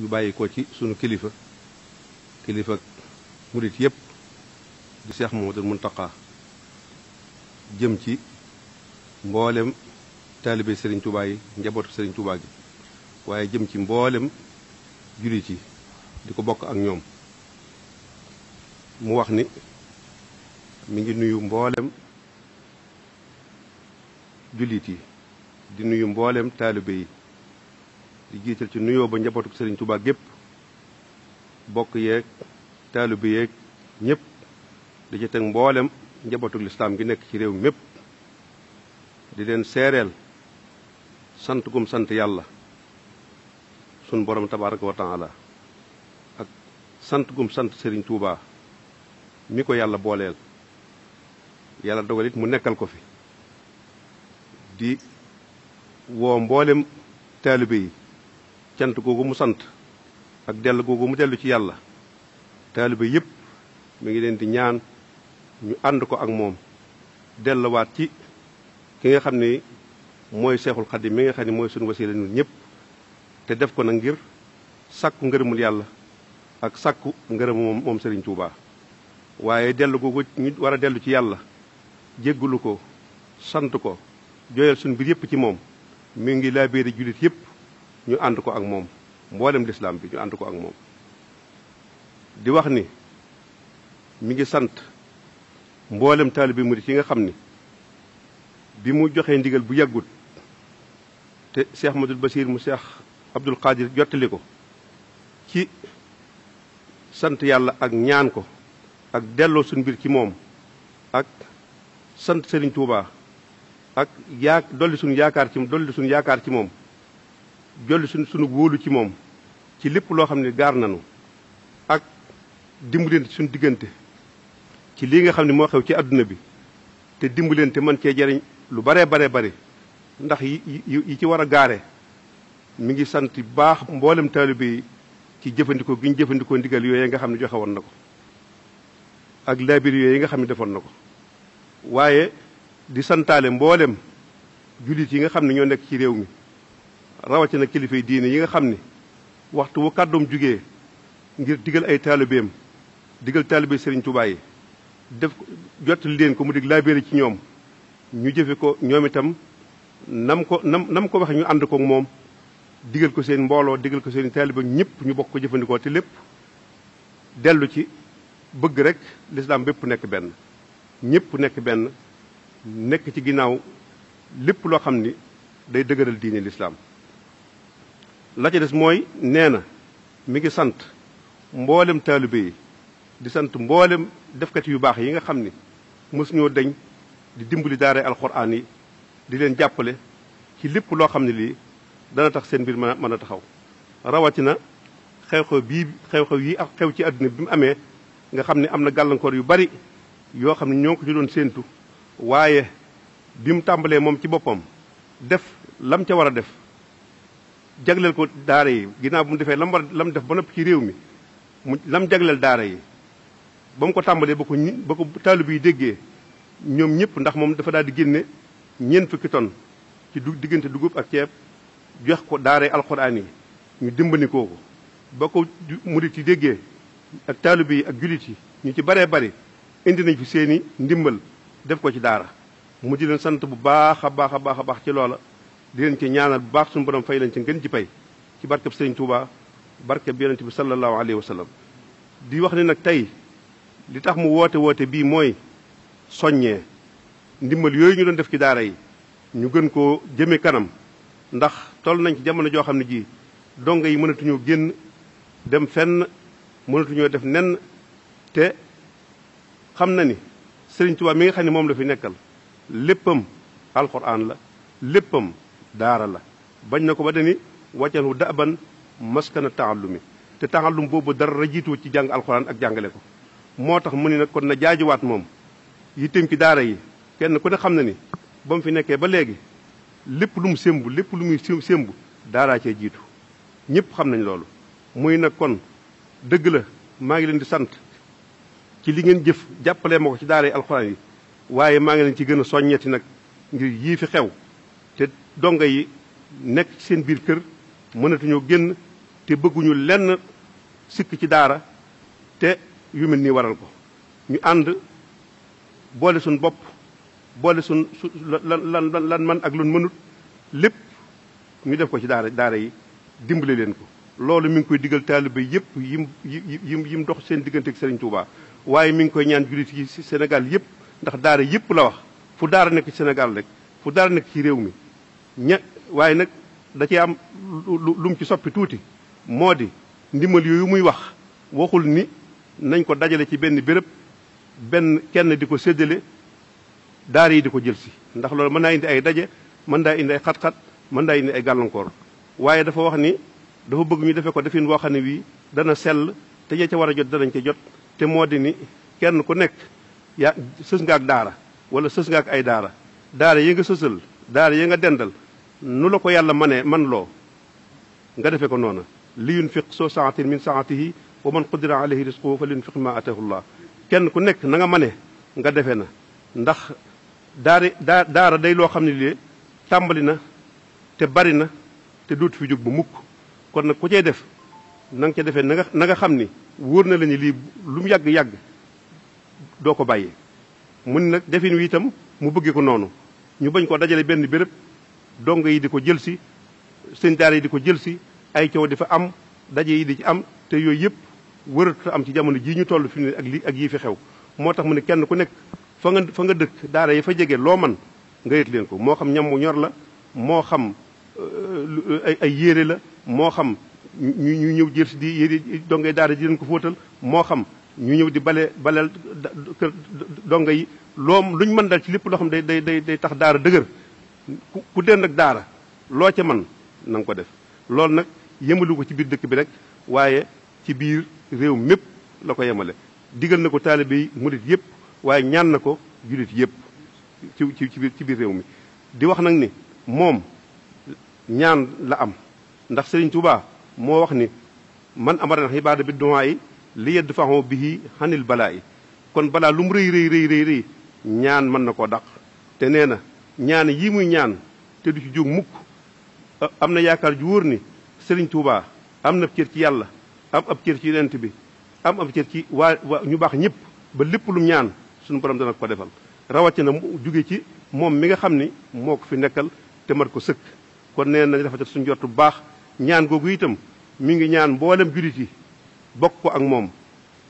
yu bàyyi ko ci sunu kilifa kilifa murit yépp di Seex mun Muntaqa jëm ci mboolem taalibe Serigne Touba yi njabootu Serigne Touba gi waaye jëm ci mboolem jullit yi di ko bokk ak ñoom mu wax ni mu ngi nuyu mboolem jullit yi di nuyu mboolem taalibe di jiital ci nuyoo ba njabootu Serigne Touba gépp bokk yeeg taalibe yeeg ñëpp di ci teg mboolem njabootu lislaam gi nekk ci réew mépp di leen seereel sant gum sant yàlla sun borom tabaraka wa taala ak sant gum sant sëriñ Touba mi ko yàlla booleel yàlla dogal mu nekkal ko fi di woo mboolem taalibe yi cant googu mu sant ak dellu googu mu dellu ci yàlla taaliba yépp mi ngi leen di ñaan ñu ànd ko ak moom delluwaat ci ki nga xam ni mooy seexul xadim mi nga xam ni mooy suñu wasila ñun ñëpp te def ko na ngir sàkku ngërëmul yàlla ak sàkku ngërëm moom moom Serigne Touba waaye dellu googu ñu war a dellu ci yàlla jéggulu ko sant ko jooyal suñu biir yëpp ci moom mi ngi laa biiri jullit yëpp ñu ànd ko ak moom mboolem lislaam bi ñu ànd ko ak moom di wax ni mu ngi sant mboolem mu di ci nga xam ni bi mu joxee ndigal bu yàggut te Cheikh Madul Basir mu Cheikh Abdul Qadir jottali ko ci sant yàlla ak ñaan ko ak delloo suñ mbir ci moom ak sant Serigne Touba ak yaa dolli suñu yaakaar ci dolli suñu yaakaar ci moom jolli suñ sunu wóolu ci moom ci lépp loo xam ne gaar nañu ak dimbalante suñu diggante ci lii nga xam ne moo xew ci àdduna bi te dimbalante mën cee jariñ lu baree baree bari ndax yi yi ci war a gaare mu ngi sant baax mboolem taalibe yi ci jëfandikoo gi ñu jëfandikoo ndigal yooyu nga xam ne joxe woon na ko ak labir yi nga xam ne defoon na ko waaye di santaale mboolem jullit yi nga xam ne ñoo nekk ci réew mi rawatina kilifay diine yi nga xam ni waxtu wu kàddum jugee ngir digal ay taalibeem digal taalibe Serigne Touba yi def jottali leen ko mu dig laabéeri ci ñoom ñu jëfe ko ñoom itam nam ko nam nam ko waxe ñu ànd ko moom digal ko seen mbooloo digal ko seen taalibe ñëpp ñu bokk ko jëfandikoo te lépp dellu ci bëgg rek lislaam bépp nekk benn ñëpp nekk benn nekk ci ginnaaw lépp loo xam ni day dëgëral diine lislaam la ca des mooy nee na mi ngi sant mboolem taalibe yi di sant mboolem defkat yu baax yi nga xam ni mës ñoo deñ di dimbali daara alxuraan yi di leen jàppale ci lépp loo xam ne lii dana tax seen mbir mën a mën a taxaw rawatina xew-xew bii xew-xew yi ak xew ci àdduna bi mu amee nga xam ne am na gàllankoor yu bari yoo xam ne ñoo ko ci doon séentu waaye bi mu tàmbalee moom ci boppam def lam ca war a def jagleel ko daara yi ginnaaw bu mu defee lam war lam def ba noppi ci réew mi mu lam jagleel daara yi ba mu ko tàmbalee ba ko ba ko taalib yi déggee ñoom ñëpp ndax moom dafa daal di génne ñeent fukki tonn ci du diggante dugub ak ceeb jox ko daara yi alxuraan yi ñu dimbali kooku ba ko murit yi déggee ak taalib yi ak jullit yi ñu ci baree bari indi nañ fi seeni ndimbal def ko ci daara mu di leen sant bu baax a baax a baax a baax ci loola di leen ci ñaanal bu baax suñu borom fay leen ci ngeen ji pay ci barkeb Sëriñ Tuuba barkeb yonente bi sallallahu alayhi wa sallam di wax ne nag tey li tax mu woote woote bii mooy soññee ndimbal yooyu ñu doon def ci daara yi ñu gën koo jëme kanam ndax toll nañ ci jamono joo xam ne ji donga yi mënatuñoo génn dem fenn mënatuñoo def nenn te xam na ni Sëriñ Tuuba mi nga xam ne moom la fi nekkal léppam alxuraan la léppam daara la bañ na ko ba dani wàccan wu daaban maskana taallumi te taallum boobu dara jiitu ci jàng alxuraan ak jàngale ko moo tax mu ni nag kon na jaajuwaat moom yitteem ci daara yi kenn ku ne xam na ni ba mu fi nekkee ba léegi lépp lu mu sémb lépp lu muy sémb daaraa cee jiitu ñëpp xam nañ loolu muy nag kon dëgg la maa ngi leen di sant ci li ngeen jëf jàppalee ma ko ci daara yi alxuraan yi waaye maa ngi leen ci gën a soññeeti nag ngir yii fi xew donga yi nekk ci seen biir kër mënatuñoo génn te bëgguñu lenn sikk ci daara te yu mel nii waral ko ñu ànd boole suñ bopp boole suñ su lan lan lan man ak lun mënut lépp ñu def ko ci daara daara yi dimbale leen ko loolu mu ngi koy digal taalibe yëpp yim yim yim dox seen diggante ak Serigne Touba waaye mi ngi koy ñaan jullit yi ci Sénégal yëpp ndax daara yëpp la wax fu daara nekk ci rek fu daara nekk ci réew mi ña waaye nag da ci am lu mu ci soppi tuuti moo di ndimbal yooyu muy wax waxul ni nañ ko dajale ci benn béréb benn kenn di ko séddale daara yi di ko jël si ndax loolu mën naa indi ay daje man daa indi ay xat-xat mën daa indi ay gàllankoor waaye dafa wax ni dafa bëgg ñu defee ko defin woo xam ne wii dana sell te ña ca war a jot danañ ca jot te moo di ni kenn ku nekk yaa sës nga ak daara wala sës ngaak ay daara daara yi nga sësal daara yi nga dendal nu la ko yàlla manee man loo nga defee ko noona li yunfiq soo saatin min saatihi wa man qudira alayhi risquhu fa li yunfiq ma atahu llah kenn ku nekk nanga mane nga defee na ndax daari daa day loo xam ne lii tàmbali na te bari na te duut fi jóg bu mukk kon nag ku cee def nanga nga ca defee na nga xam ni wóor na la lii lu mu yàgg-yàgg doo ko bàyyi mun nag defin wi itam mu bëggee ko noonu ñu bañ ko dajale benn béréb dong yi di ko jël si sëñ daara yi di ko jël si ay coow dafa am daje yi di ci am te yooyu yëpp wërata am ci jamono jii ñu toll fi ne ak li ak yii fi xew moo tax mu ne kenn ku nekk fa nga nga dëkk daara yi fa jege loo man nga yët leen ko moo xam ñam ñor la moo xam euh, ay yére la moo xam ñu ñu ñëw jël si di yére dongay daara ji leen ko fóotal moo xam ñu ñëw di bale baleel kër donga yi loo ñu mën dal ci lépp loo xam day day day day tax daara dëgër ku dënd ak daara loo ca man na ko def loolu nag yemalu ko ci biir dëkk bi rek waaye ci biir réew mépp la ko yemale digal na ko taalibe yi murit yépp waaye ñaan na ko julit yëpp ci ci ci biir réew mi di wax nag ni moom ñaan la am ndax Sëriñ Tuubaa moo wax ni man amara na xibaada bi duwaa yi li yedd faxoo bihi xanil balaa yi kon balaa lu mu rëy rëy ñaan mën na ko dàq te nee na ñaan yi muy ñaan te du ci jóg mukk am na yaakaar ju wóor ni sëriñ Touba am na cër ci yàlla am ab cër ci yonent bi am ab cër ci waa ñu baax ñëpp ba lépp lum ñaan suñu borom dana ko defal rawatina mu juge ci moom mi nga xam ni moo ko fi nekkal te mat ko sëkk kon nee nañ dafa suñu jot bu baax ñaan googu itam mi ngi ñaan mboolem jullit yi bokk ko ak moom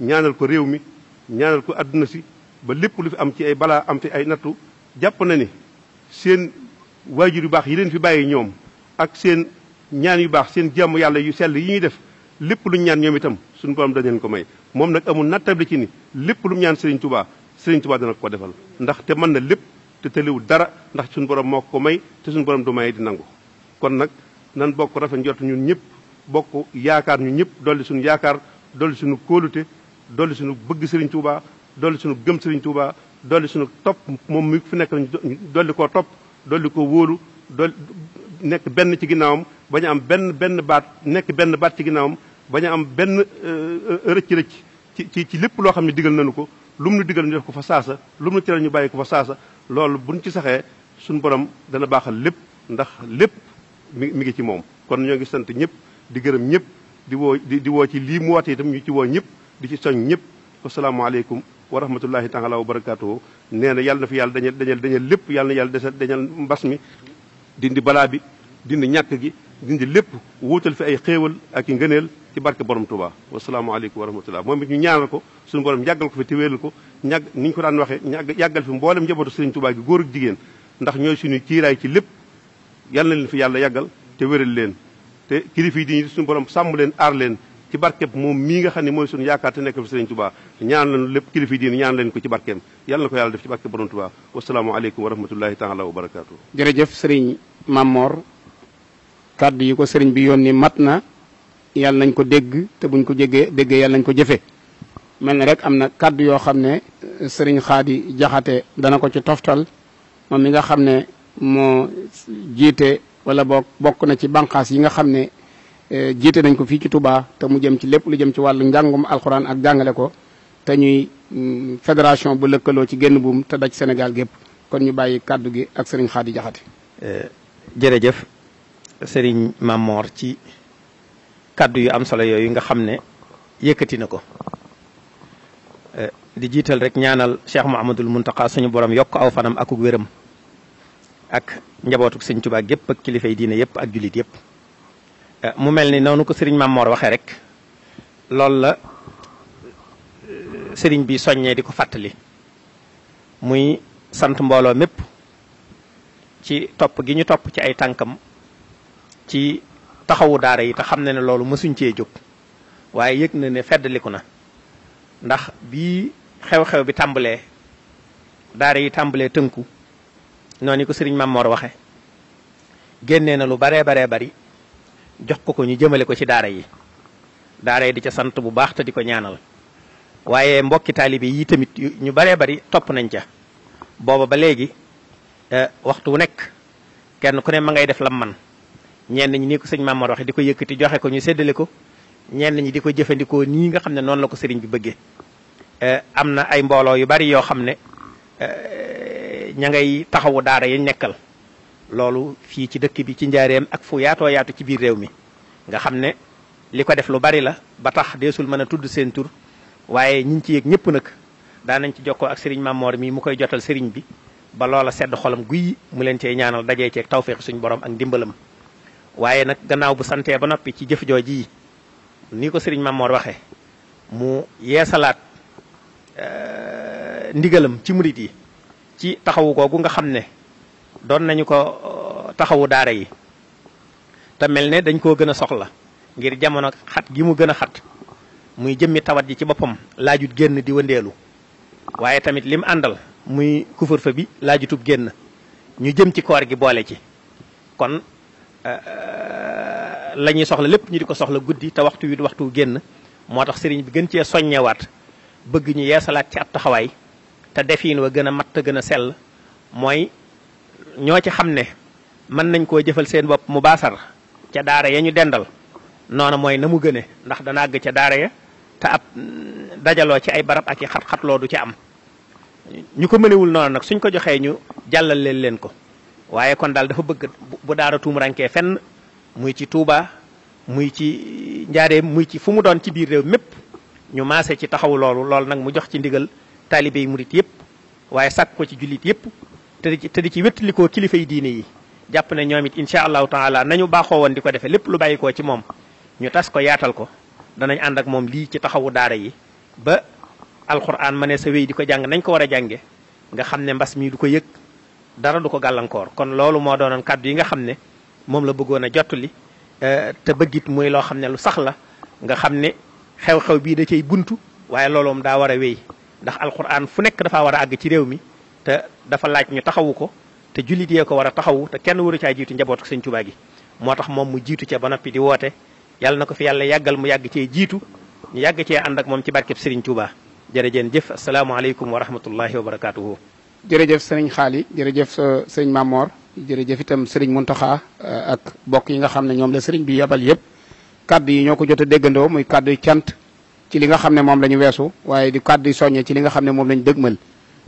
ñaanal ko réew mi ñaanal ko àdduna si ba lépp lu fi am ci ay balaa am fi ay nattu jàpp na ni seen waajur yu baax yi leen fi bàyyi ñoom ak seen ñaan yu baax seen jàmm yàlla yu sell yi ñuy def lépp lu ñaan ñoom itam suñu borom dañ leen ko may moom nag amul nattab li ci ni lépp lu ñaan Serigne Touba Serigne Touba dana ko defal ndax te mën na lépp te tëliwul dara ndax suñu borom moo ko may te suñu borom du may di nangu kon nag nan bokk rafet njort ñun ñëpp bokk yaakaar ñu ñëpp dolli suñu yaakaar dolli suñu kóolute dolli suñu bëgg Serigne Touba dolli suñu gëm Serigne Touba dolli suñu topp moom mi fi nekk dolli koo topp dolli ko wóolu dolli nekk benn ci ginnaawam bañ am benn benn baat nekk benn baat ci ginnaawam bañ am benn euh, euh, rëcc-rëcc ci ci ci lépp loo xam ne digal nañu ko lu mu nu digal ñu def ko fa saasa lu mu nu ñu bàyyi ko saasa loolu buñ ci saxee suñu borom dana baaxal lépp ndax lépp mi mi ngi ci moom kon ñoo ngi sant ñëpp di gërëm ñëpp di woo di woo ci lii mu woote itam ñu ci woo ñëpp di ci soñ ñëpp asalaamaaleykum wa rahmatullahi taala wa barakaatuhu nee na yàlla na fi yàlla dañal dañal dañal lépp yàlla na yàlla desal dañal mbas mi dindi balaa bi dindi ñàkk gi dindi lépp wuutal fi ay xéewal ak i ngëneel ci barke borom Touba wasalaamaaleykum wa rahmatullah moom it ñu ñaanal ko suñu borom yàggal ko fi te wéeral ko ñàgg ni ñu ko daan waxee ñàgg yàggal fi mboolem njabootu Serigne Touba gi góor ak jigéen ndax ñooy suñu kiiraay ci lépp yàlla na leen fi yàlla yàggal te wéral leen te kilifa yi di suñu borom sàmm leen aar leen ci barkeb moom mii nga xam ne mooy suñu yaakaar te nekk fi Serigne Touba ñaan leen lépp kilifa diine ñaan leen ko ci barkeem yàlla na ko yàlla def ci barke borom Tuubaa wasalaamualeykum wa rahmatullahi taala wa barakaatu. jërëjëf sëriñ Mamor kàddu yi ko sëriñ bi yoon ni mat na yàlla nañ ko dégg te buñ ko jéggee déggee yàlla nañ ko jëfe mel na rek am na kàddu yoo xam ne eh, sëriñ Xaadi Jaxate dana ko ci toftal moom mi nga xam ne moo jiite wala boo bokk na ci banqaas yi nga xam ne eh, jiite nañ ko fii ci Touba te mu jëm ci lépp lu jëm ci wàllu njàngum alxuraan ak jàngale ko te ñuy mm, fédération bu lëkkaloo ci génn buum te daj senegal gépp kon ñu bàyyi kàddu gi ak sëriñ Xaadi Jaxate eh, jërëjëf sëriñ Mamor ci kàddu yu am solo yooyu nga xam ne yëkkati na ko eh, di jiital rek ñaanal Cheikh Mouhamadul Mountakha suñu borom yokk aw fanam akuk wéram ak njabootuk sëñ Tuubaa gépp ak kilifa yi diine yëpp ak jullit yëpp eh, mu mel ni noonu ko sëriñ Mamor waxee rek loolu la sëriñ bi soññee di ko fàttali muy sant mbooloo mépp ci topp gi ñu topp ci ay tànkam ci taxawu daara yi te xam na ne loolu mësuñ cee jóg waaye yëg na ne feddaliku na ndax bii xew-xew bi tàmbalee daara yi tàmbalee tënku noonu ko sëriñ Mamor waxe génnee na lu baree baree bari jox ko ko ñu jëmale ko ci daara yi daara yi di ca sant bu baax te di ko ñaanal waaye mbokki taalibe yi tamit ñu baree bari topp nañ ca booba ba léegi eh, waxtu wu nekk kenn ku ne ma ngay def lam man ñenn ñi ni ko sëñ Maamor waxe di ko yëkkati joxe ko ñu séddale ko ñenn ñi di ko jëfandikoo nii nga xam ne noonu la ko sëriñ bi bëggee eh, am na ay mbooloo yu bari yoo xam ne eh, ña ngay taxawu daara yi nekkal loolu fii ci dëkk bi ci njaareem ak fu yaatoo yaatu ci biir réew mi nga xam ne li ko def lu bari la ba tax deesul mën a tudd seen tur waaye ñi ci yëg ñëpp nag daanañ ci ko ak sëriñ Mamor mii mu koy jotal sëriñ bi ba loola sedd xolam guy mu leen cee ñaanal dajee ceeg tawféex suñu borom ak ndimbalam waaye nag gannaaw bu santee ba noppi ci jëf jooji yi ni ko sëriñ Mamor waxe mu yeesalaat eh, ndigalam ci murit yi ci taxawu googu nga xam ne doon nañu ko eh, taxawu daara yi te mel ne dañ koo gën a soxla ngir jamono xat gi mu gën a xat muy jëmmi tawat ji ci boppam laajut génn di wëndeelu waaye tamit lim àndal muy kufur fa bi laajutub génn ñu jëm ci koor gi boole ci kon euh, euh, lañuy soxla lépp ñu di ko soxla guddi te waxtu wi waxtu génn moo tax sëriñ bi gën cee soññewaat bëgg ñu yeesalaat ci ab taxawaay te defiin wa gën a mat a gën a sell mooy ñoo ci xam ne mën nañ koo jëfal seen bopp mu baasar ca daara ya ñu dendal noonu mooy na mu gëne ndax dana àgg ca daara ya te ab mm, dajaloo ci ay barab ak i xat-xatloo du ci am ñu ko mënewul noonu nag suñ ko joxee ñu jàllal leen leen ko waaye kon daal dafa bëgg bu daara tuum rankee fenn muy ci Touba muy ci Njaareem muy ci fu mu doon ci biir réew mépp ñu maase ci taxaw loolu lool nag mu jox ci ndigal taalibe yi murit yëpp waaye sàkk ko ci jullit yëpp te di ci te di ci wéttalikoo kilifa yi diine yi jàpp ne ñoom it incha allahu taala nañu baaxoo woon di ko defee lépp lu bàyyikoo ci moom ñu tas ko yaatal ko danañ ànd ak moom lii ci taxawu daara yi ba alxuraan ma ne sa wéy di ko jàng nañ ko war a jànge nga xam ne mbas mii du ko yëg dara du ko gàllankoor kon loolu moo doonoon kàddu yi nga xam ne moom la bëggoon a jottali eh, te bëggit muy loo xam ne lu sax la nga xam ne xew-xew bii da cay bunt waaye looloom daa war a wéy ndax alxuraan fu nekk dafaa war a àgg ci réew mi te dafa laaj ñu taxawu ko te jullit yee ko war a taxawu te kenn waru caa jiitu njabootu sëñ Tuubaa gi moo tax moom mu jiitu ca ba noppi di woote yàlla na ko fi yàlla yàggal mu yàgg cee jiitu ñu yàgg cee ànd ak moom ci barkeb Serigne Touba jërëjeen jëf asalaamaaleykum wa rahmatullahi wa barakaatuhu. jërëjëf sëriñ Xaali jërëjëf euh, sëriñ Mamor jërëjëf itam sëriñ Muntaxa euh, ak bokk yi nga xam ne ñoom la sëriñ bi yabal yëpp kaddu yi ñoo ko jot a déggandoo muy kàddu yu cant ci li nga xam ne moom la weesu waaye di kaddu yi soññee ci li nga xam ne moom la ñu dëgmal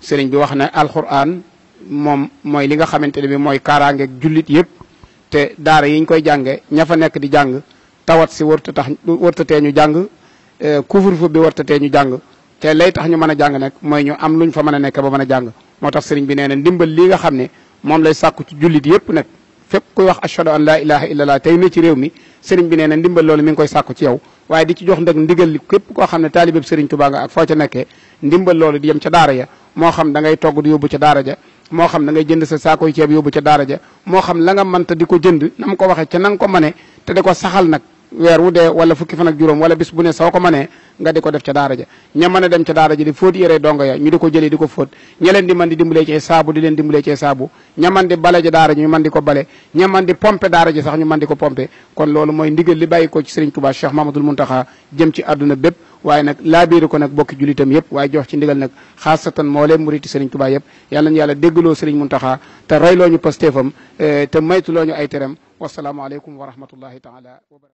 sëriñ bi wax ne alxuraan moom mooy li nga xamante ne bi mooy kaaraangeeg jullit yëpp te daara yi koy jànge ña fa nekk di jàng tawat si warta tax warta tee ñu jàng eh, couvre-feu bi warta ñu jàng te lay tax ñu mën a jàng nag mooy ñu am luñ fa mën a nekk ba mën a jàng moo tax sëriñ bi nee ndimbal ne moom lay sàkku ci jullit yépp nag fépp kuy wax ashhadu an laa ilaha illallah tey ne ci mi sëriñ bi nee na ndimbal loolu mi ngi koy sàkku ci yow waaye di ci jox ndag ndigal képp koo xam ne taalibeb sëriñ Tuubaa nga ak foo ca nekkee ndimbal loolu di yem ca daara ya moo xam da ngay togg di yóbbu ca daara ja moo xam da ngay jënd sa saakoy ceeb yóbbu ca daara ja moo xam la nga mënta di ko jënd na mu ko waxee ca na nga ko mëne weer wu dee wala fukki fan ak juróom wala bis bu ne soo ko nga di ko def ca daara ja ña a dem ca daara ja di fóot yére dongo ya ñu di ko jëlee di ko fóot ña di mën di dimbalee ci saabu di leen dimbalee ci saabu ña bale ja daara ji ñu mën di ko bale ña pompe daara ji sax ñu mën ko pompe kon loolu mooy ndigal li bàyyi ko ci Serigne Touba Cheikh Mamadou Mountakha jëm ci àdduna bépp waaye nag laabiiri ko nag bokki julitam yëpp eh, wa rahmatullahi